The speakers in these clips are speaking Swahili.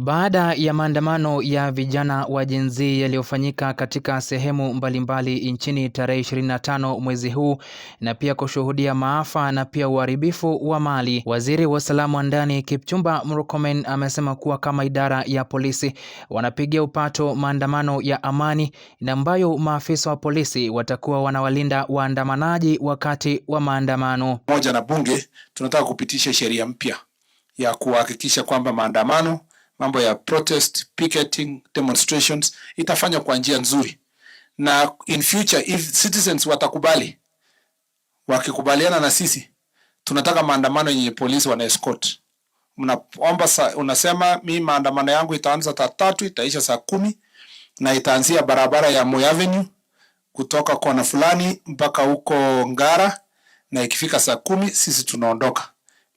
Baada ya maandamano ya vijana wa Gen Z yaliyofanyika katika sehemu mbalimbali nchini tarehe 25 mwezi huu na pia kushuhudia maafa na pia uharibifu wa mali, waziri wa usalama wa ndani Kipchumba Murkomen amesema kuwa kama idara ya polisi wanapigia upato maandamano ya amani na ambayo maafisa wa polisi watakuwa wanawalinda waandamanaji wakati wa maandamano. Pamoja na bunge tunataka kupitisha sheria mpya ya kuhakikisha kwamba maandamano mambo ya protest, picketing, demonstrations itafanywa kwa njia nzuri, na in future if citizens watakubali, wakikubaliana na sisi, tunataka maandamano yenye polisi wana escort. Mnaomba, unasema mi maandamano yangu itaanza saa tatu itaisha saa kumi na itaanzia barabara ya Moi Avenue kutoka kona fulani mpaka huko Ngara, na ikifika saa kumi sisi tunaondoka.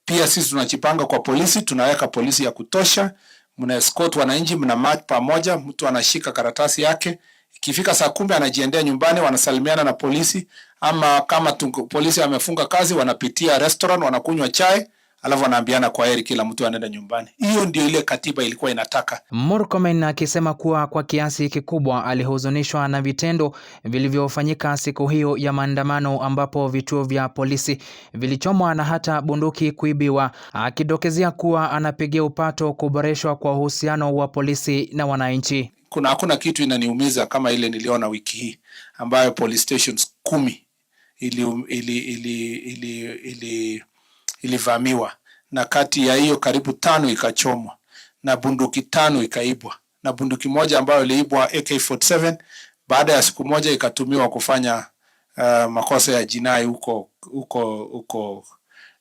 Pia sisi tunajipanga kwa polisi, tunaweka polisi ya kutosha mna escort wananchi, mna march pamoja, mtu anashika karatasi yake. Ikifika saa kumi anajiendea nyumbani, wanasalimiana na polisi, ama kama tungu, polisi amefunga kazi, wanapitia restaurant, wanakunywa chai alafu anaambiana kwa heri, kila mtu anaenda nyumbani. Hiyo ndio ile katiba ilikuwa inataka. Murkomen akisema kuwa kwa kiasi kikubwa alihuzunishwa na vitendo vilivyofanyika siku hiyo ya maandamano, ambapo vituo vya polisi vilichomwa na hata bunduki kuibiwa, akidokezea kuwa anapigia upato kuboreshwa kwa uhusiano wa polisi na wananchi. Kuna hakuna kitu inaniumiza kama ile niliona wiki hii ambayo police stations kumi ili, ili, ili, ili, ili ilivamiwa na kati ya hiyo karibu tano ikachomwa na bunduki tano ikaibwa na bunduki moja ambayo iliibwa AK47 baada ya siku moja ikatumiwa kufanya uh, makosa ya jinai huko huko huko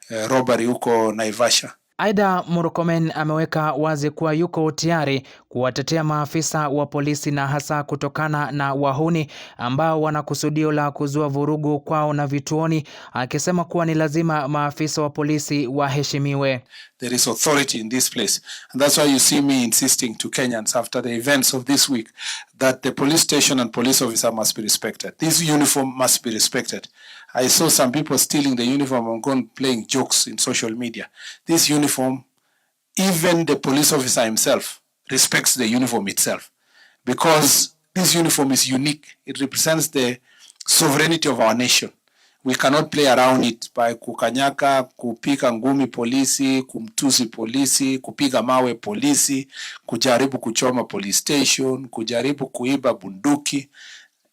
uh, robbery huko Naivasha. Aidha, Murkomen ameweka wazi kuwa yuko tayari kuwatetea maafisa wa polisi na hasa kutokana na wahuni ambao wana kusudio la kuzua vurugu kwao na vituoni, akisema kuwa ni lazima maafisa wa polisi waheshimiwe. There is authority in this place and that's why you see me insisting to Kenyans after the events of this week that the police station and police officer must be respected. This uniform must be respected. I saw some people stealing the uniform and gone playing jokes in social media. This uniform, even the police officer himself respects the uniform itself because this uniform is unique. It represents the sovereignty of our nation. We cannot play around it by kukanyaka, kupika ngumi polisi, kumtusi polisi, kupiga mawe polisi, kujaribu kuchoma police station, kujaribu kuiba bunduki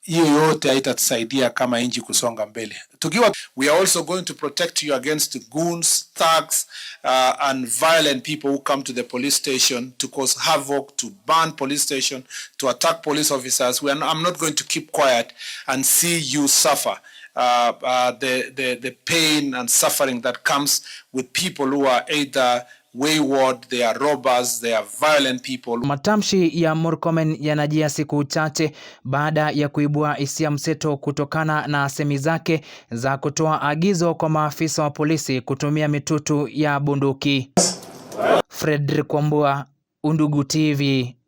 hiyo yote haitatusaidia kama nchi kusonga mbele. Tukiwa we are also going to protect you against goons, thugs, uh, and violent people who come to the police station to cause havoc, to burn police station, to attack police officers. We are, I'm not going to keep quiet and see you suffer. Uh, uh, the, the, the pain and suffering that comes with people who are either wayward, they are robbers, they are violent people. Matamshi ya Murkomen yanajia siku chache baada ya kuibua hisia mseto kutokana na semi zake za kutoa agizo kwa maafisa wa polisi kutumia mitutu ya bunduki. Fredrick Wambua, Undugu TV.